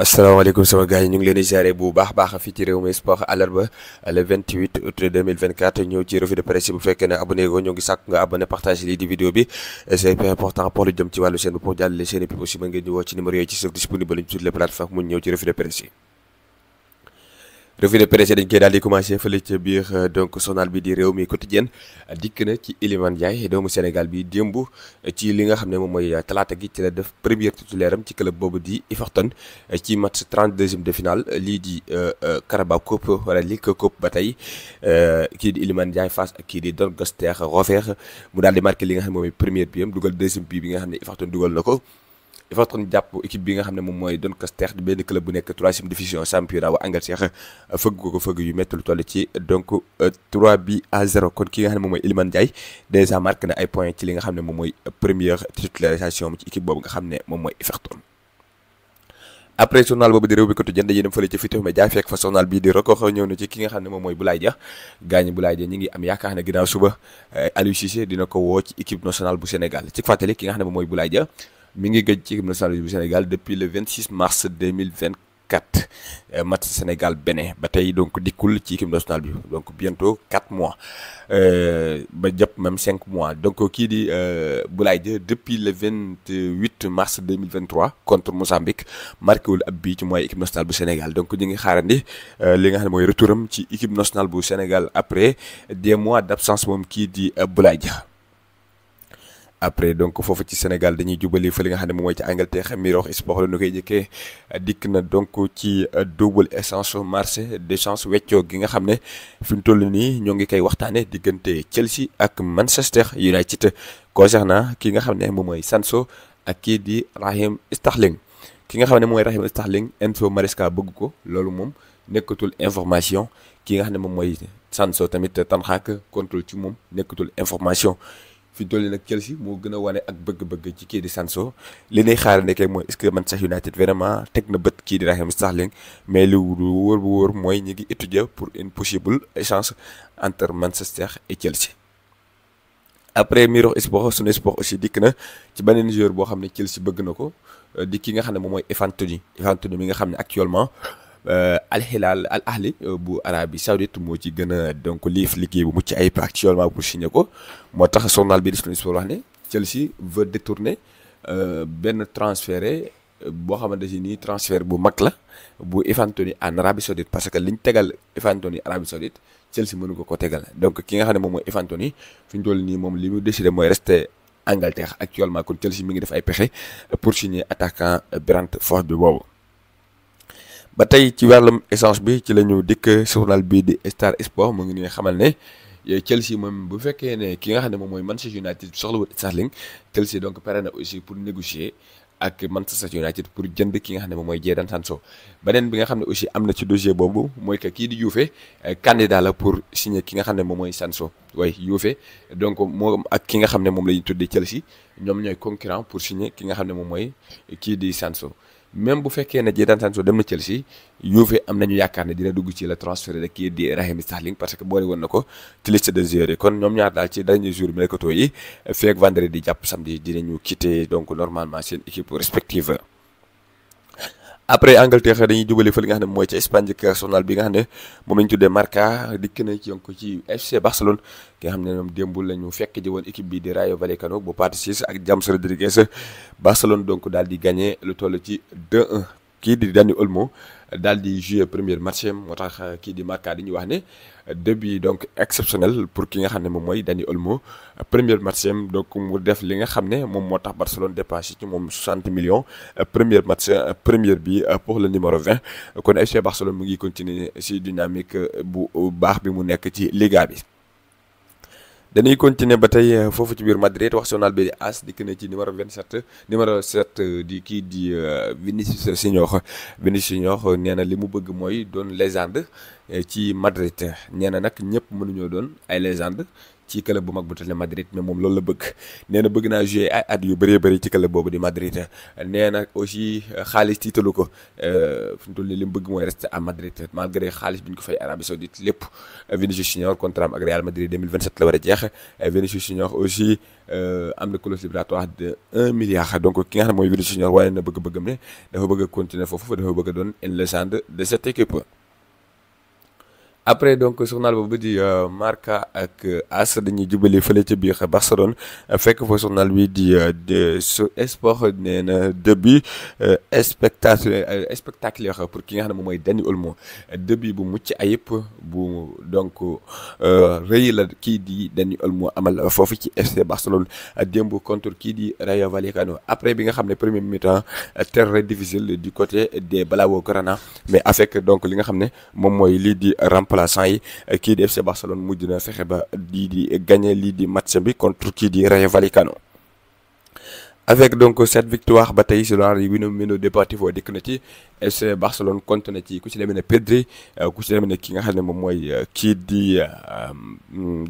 asalaamaaleykum sama gars yi ñu ngi leen di bu baax baax fii ci Rewmi Sport àllarba le 28 août 2024 ñëw ci revue de presse bu fekkee ne abonné go ñoo ngi sàkk nga abonné partage lii di vidéo bi c'est important pour lu jëm ci wàllu chaîne bi pour jàllale chaîne bi aussi mën ngeen woo ci numéro yooyu ci suuf disponible sur les plateformes mu ñëw ci revue de presse yi revue de presse dañ koy di commencé fële ca biir euh, donc journal bi di réew mi quotidien euh, dikk na ci Iliman Ndiaye doomu Sénégal bi démb euh, ci li nga xam ne moom mooy talaata gi ci la def première titulaire am ci club boobu di Everton ci match 32e de finale lii di Carabao Cup wala League Cup ba tey kii di Iliman Ndiaye face ak kii di Doncaster Rovers mu daal di marqué li nga xam ne moom mooy première bi am dugal deuxième bi bi nga xam ne Everton dugal na ko. dafa toon jàpp équipe bi nga xam ne moom mooy Doncaster di benn club bu nekk troisième division championnat wa Angleterre fëgg ko ko fëgg yu métti lu toll ci donc 3 euh, bi à 0 kon ki nga xam ne moom mooy Iliman Ndiaye dèjà marqué na xam ne moom mooy première titularisation ci équipe boobu nga xam ne moom mooy Everton après journal boobu di réew bi quotidien dañuy dem na ci ki nga xam ne moom gaañu Boulaye Dia ñi ngi am yaakaar ne ginnaaw suba euh, Aliou Cissé dina ko woo ci équipe nationale bu Sénégal ci fàttali ki nga xam ne moom mooy Boulaye ja mi ngi gëj ci équipe nationale bu Sénégal depuis le 26 mars 2024 euh, match Sénégal Bénin ba tey donc dikkul ci équipe nationale bi donc bientôt 4 mois euh, ba jëpp même 5 mois donc kii di euh, Boulaye Dia depuis le 28 mars 2023 contre Mozambique marqué wul ab bii ci mooy équipe nationale bu Sénégal donc ñu ngi xaarandi li nga xam ne mooy retouram ci équipe nationale bu Sénégal après des mois d' absence moom kii di Boulaye Dia. après donc foofu ci Sénégal dañuy jubali fa li nga xam ne moom mooy ci Angleterre Mirror Sport la ñu koy dikk na donc ci euh, double essence marché d'échange weccoo gi nga xam ne fi mu toll nii ñoo ngi koy waxtaanee diggante Chelsea ak Manchester United concernant ki nga xam ne moom mooy Sancho ak kii di Raheem Sterling ki nga xam ne mooy Raheem Sterling Enzo Maresca bëgg ko loolu moom nekkatul information ki nga xam ne moom mooy sanso tamit Ten Hag kontul ci moom nekkatul information. fi ñu toll nii nag Chelsea moo gën a wane ak bëgg-bëgg ci kii di sanso li ñuy xaar nekkee mooy est man que United vraiment teg na bët kii di Raheem Sterling mais lu wóor bu wóor mooy ñi ngi étudier pour une possible échange entre Manchester et Chelsea. après Mirror su suñu sport aussi dikk na ci beneen joueur boo xam ne Chelsea bëgg na ko di ki nga xam ne moom mooy Ivan Toney mi nga xam ne actuellement. Euh, Al Hilal Al Ahli euh, bu Arabie Saoudite moo ci gën a donc liif liggéey bu mucc ayib actuellement pour signé ko moo tax journal bi di suñu sport wax ne Chelsea veut détourner euh, benn transféré boo xamante si nii transfert bu mag la bu Ivan Toney en Arabie Saoudite parce que liñ tegal Ivan Toney Arabie Saoudite Chelsea mënu ko ko tegal donc ki nga xam ne moom mooy Ivan Toney fi ñu toll nii moom li mu décidé mooy rester Angleterre actuellement kon Chelsea mu ngi def ay pexe pour signer attaquant Brentford bi boobu. ba tey ci wàllum essence bi ci la ñu dikk journal bi di Star Sport mu ngi ñuy xamal ne eh, Chelsea moom bu fekkee ne ki nga xam ne moom mooy Manchester United soxlawul Sterling Chelsea donc pare na aussi pour négocier ak Manchester United pour jënd ki nga xam ne moom mooy Jadon Sancho bi nga xam ne aussi am na ci dossier boobu mooy que kii di Juve eh, candidat la pour signe ki nga xam ne moom mooy sanso waaye Juve donc moom ak ki nga xam ne moom la ñu tuddee Chelsea ñoom ñooy concurrent pour signer ki nga xam ne moom mooy kii di Sancho. même bu fekkee ne Jadon Sancho dem na Chelsea Juve am nañu yaakaar ne dina dugg ci la transfert de kii di Raheem parce que boole woon na ko ci liste de joueurs yi kon ñoom ñaar daal ci dernier jour mercato yi feek vendredi jàpp samedi dinañu quitter donc normalement seen équipe respective après Angleterre dañuy jubali fa nga xam ne mooy ci Espagne ci journal bi nga xam ne moom ñu tuddee Marca dikk na ci ko ci FC Barcelone ki nga xam ne ñoom démb la ñu fekk ji woon équipe bi di Rayo Vallecano bu Patrice ak James Rodriguez Barcelone donc daal di gagné lu toll ci 2-1 kii di Dani Olmo daal di jouer premier match moo tax euh, kii di Marca di ñu wax ne début donc exceptionnel pour ki nga xam ne moom mooy Dani Olmo première match am donc mu def li nga xam ne moom moo tax Barcelone dépensé ci moom 60 millions euh, premier match euh, première bi pour la numéro vingt kon FC Barcelone mu ngi continuer ci dynamique bu baax bi mu nekk ci Liga bi. dañuy continuer ba tey euh, foofu ci biir Madrid wax sonal bi di as dikk na ci numéro 27 numéro 7 di kii di euh, Vinicius Junior Vinicius Junior nee na li mu bëgg mooy doon légende euh, ci Madrid nee na nag ñëpp mënuñoo doon ay légende ci club bu mag bu tëddee Madrid mais moom loolu la bëgg nee na bëgg naa jouer ay at yu bëree bëri ci club boobu di Madrid nee aussi euh, xaalis tiitalu ko euh, fi mu toll nii li mu bëgg mooy rester à Madrid malgré xaalis bi ko fay Arabie Saoudite lépp euh, Vinicius Junior contrat am ak Real Madrid 2027 la war a jeex Vinicius Junior aussi am na clause libératoire de 1 milliard donc ki nga xam ne mooy Vinicius Junior waaye ne dafa bëgg a continuer bëgg a doon une légende de cette après donc journal boobu di euh, Marca ak euh, AS dañuy jubali fële ca biir Barcelone fekk fa journal bi di euh, su sport nee na début spectaculaire spectaculaire pour ki nga xam ne moom mooy Dani Olmo début bu mucc ayib bu donc rëy kii di Dani Olmo amal foofu ci FC Barcelone démb contre kii di Rayo Vallecano après bi nga xam ne premier mi-temps très difficile du côté des Blaugrana mais avec donc li nga xam ne moom lii di remplacement remplaçant yi euh, kii di FC Barcelone mujj na fexe ba lii di gagné lii di match bi contre kii di Rayo Vallecano avec donc cette victoire ba tey si loolu yi Mundo Deportivo dikk na ci FC Barcelone compte na ci ku ci demee ne Pedri euh, ku ci ki nga xam ne moom mooy euh, kii di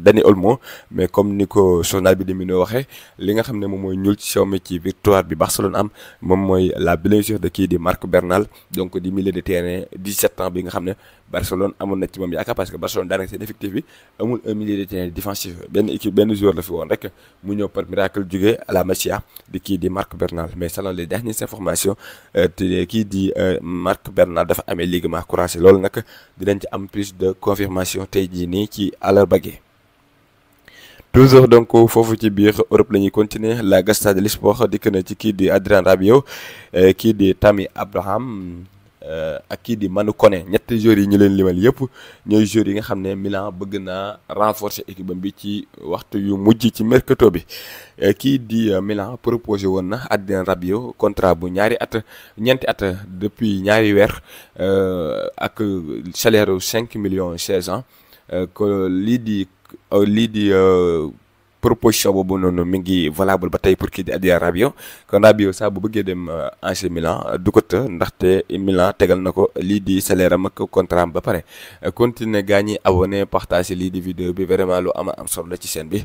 Dani Olmo mais comme ni ko journal bi di Mundo waxee li nga xam ne moom mooy ñuul ci sew mi ci victoire bi Barcelone am moom mooy la blessure de kii di Marc Bernal donc de terrain 17 ans bi nga xam ne. Barcelone amoon na ci moom yaakaar parce que Barcelone daanaka seen effectif bi amul un milieu de terrain défensif benn équipe benn joueur la fi woon rek mu ñëw par miracle jógee à la Masia di kii di Marc Bernal mais selon les dernières informations euh, te euh, kii di euh, Marc Bernal dafa amee ligament couragé loolu nag dinañ ci am plus de confirmation tey jii nii ci àllarba gi toujours donc foofu ci biir Europe la ñuy continuer la Gazzetta dello Sport dikk na ci kii di Adrien Rabiot kii di Tammy Abraham ak kii di Manu Koné ñetti joueurs yi ñu leen limal yëpp ñooy joueurs yi nga xam ne Milan bëgg naa renforcer équipe bi ci waxtu yu mujj ci mercato bi eh, kii di eh, Milan proposé woon na Adrien Rabiot contrat bu ñaari at ñeenti at depuis ñaari weer eh, ak salaire cinq millions seize ans que lii di lii di proposition boobu noonu mi ngi valable ba tey pour kii di Adrien Rabiot kon Rabiot saa bu bëggee dem AC euh, Milan euh, du ndaxte Milan tegal na ko lii di salaire ma ak contrat am ba pare euh, continuer gaa ñi abonné partager lii di vidéo bi vraiment lu ama am solo la ci chaîne bi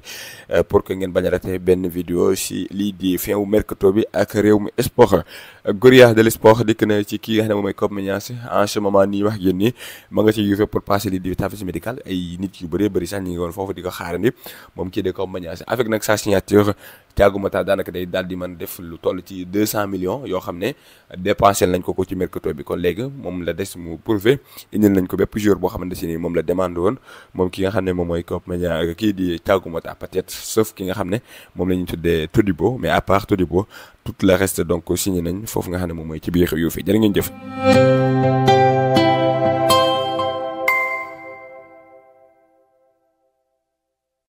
pour que ngeen bañ a rater benn vidéo si lii di fin wu bi ak réew mi sport Gorya de l'Esport dikk na ci kii nga xam ne mooy Cobb Ménias en wax yéen nii ma nga ci Juve pour passer yu bëree bëri di signature avec nag sa signature Thiago daanaka day daal di man def lu toll ci deux cent millions yoo xam ne dépensé nañ ko ko ci mercato bi kon léegi moom la des mu prouvé indil nañ ko bépp jour boo xamante si ni moom la demande woon moom ki nga xam ne moom mooy Cap Manuel euh, kii di Thiago Motta peut-être sauf ki nga xam ne moom la ñuy tuddee Todibo mais à part tout le rest donc signé nañ foofu nga xam ne moom mooy ci biir yu fi jërë ngeen jëf.